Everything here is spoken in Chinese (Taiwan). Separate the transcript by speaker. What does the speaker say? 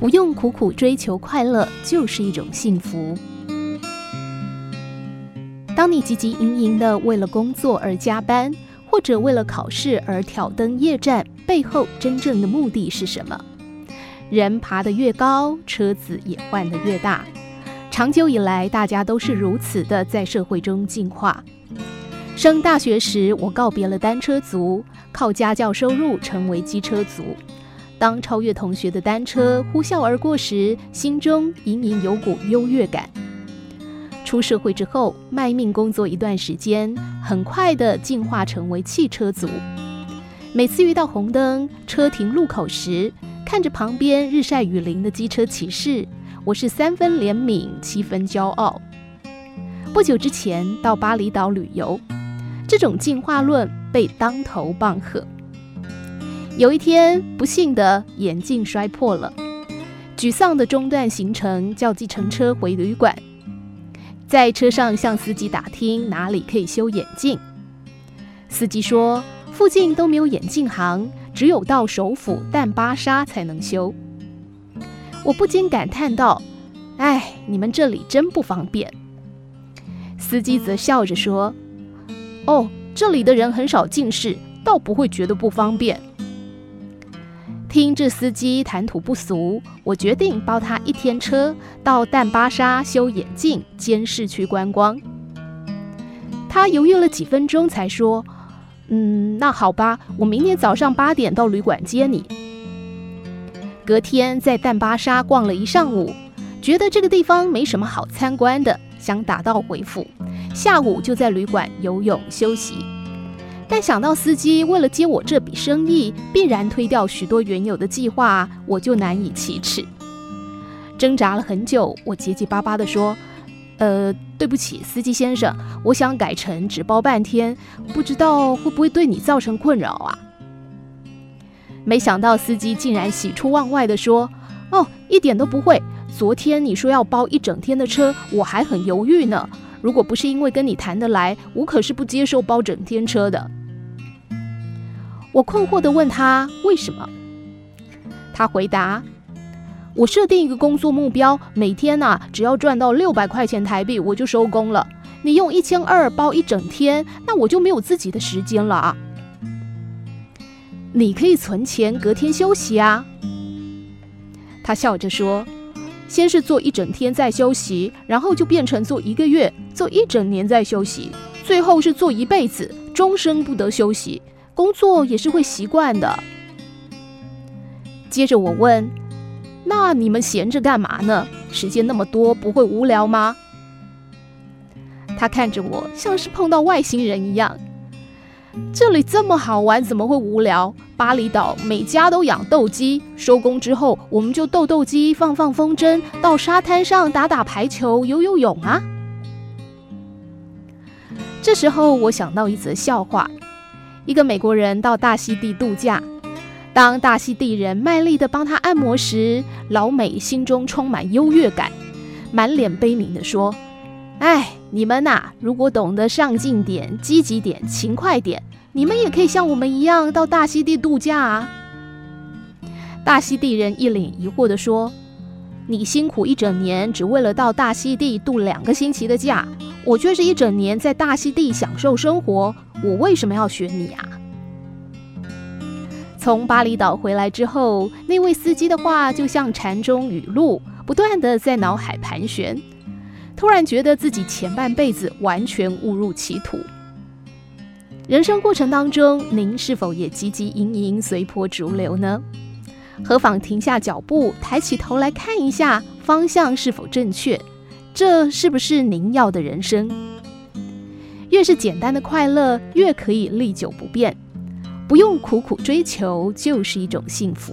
Speaker 1: 不用苦苦追求快樂，就是一種幸福。當你汲汲營營的為了工作而加班，或者為了考試而挑燈夜戰，背後真正的目的是什麼？人爬得越高，車子也換得越大。長久以來，大家都是如此的在社會中進化。升大學時，我告別了單車族，靠家教收入成為機車族。當超越同學的單車呼嘯而過時，心中隱隱有股優越感。出社會之後，賣命工作一段時間，很快的進化成為汽車族。每次遇到紅燈，車停路口時，看着旁邊日晒雨淋的機車騎士，我是三分憐憫，七分驕傲。不久之前到巴厘島旅遊，這種進化論被當頭棒喝。有一天，不幸的眼鏡摔破了，沮喪的中斷行程，叫計程車回旅館。在車上向司機打聽哪裡可以修眼鏡，司機說：“附近都沒有眼鏡行，只有到首府登巴薩才能修。”我不禁感嘆道：“唉，你們這裡真不方便。”司機則笑着說：“哦，這裡的人很少近視，倒不會覺得不方便。”聽這司機談吐不俗，我決定包他一天車到淡巴沙修眼鏡，兼市區觀光。他猶豫了幾分鐘，才說：“嗯，那好吧，我明天早上八點到旅館接你。”隔天在淡巴沙逛了一上午，覺得這個地方沒什麼好參觀的，想打道回府。下午就在旅館游泳休息。但想到司機為了接我這筆生意，必然推掉許多原有的計劃，我就難以啟齒。掙扎了很久，我結結巴巴地說：“呃，對不起，司機先生，我想改成只包半天，不知道會不會對你造成困擾啊？”沒想到司機竟然喜出望外地說：“哦，一點都不會。昨天你說要包一整天的車，我還很猶豫呢。如果不是因為跟你談得來，我可是不接受包整天車的。”我困惑地問他為什麼？他回答：“我設定一個工作目標，每天啊只要賺到六百塊錢台幣我就收工了。你用一千二包一整天，那我就沒有自己的時間了啊！你可以存錢，隔天休息啊。”他笑着說：“先是做一整天再休息，然後就變成做一個月、做一整年再休息，最後是做一輩子，終身不得休息。”工作也是會習慣的。接着我問：“那你們閒着幹嘛呢？時間那麼多，不會無聊嗎？”他看着我，像是碰到外星人一樣。這裡這麼好玩，怎麼會無聊？巴厘島每家都養鬥雞，收工之後我們就鬥鬥雞，放放風箏，到沙灘上打打排球，游游泳啊。這時候我想到一則笑話。一個美國人到大溪地度假，當大溪地人賣力地幫他按摩時，老美心中充滿優越感，滿臉悲憫地說：“哎，你們吶、啊，如果懂得上進點、積極點、勤快點，你們也可以像我們一樣到大溪地度假啊。”大溪地人一臉疑惑地說：“你辛苦一整年，只為了到大溪地度兩個星期的假，我卻是一整年在大溪地享受生活。”我為什麼要選你啊？從巴厘島回來之後，那位司機的話就像禪中語錄，不斷地在腦海盤旋。突然覺得自己前半輩子完全誤入歧途。人生過程當中，您是否也汲汲營營、隨波逐流呢？何妨停下腳步，抬起頭來看一下方向是否正確？這是不是您要的人生？越是簡單的快樂，越可以歷久不變。不用苦苦追求，就是一種幸福。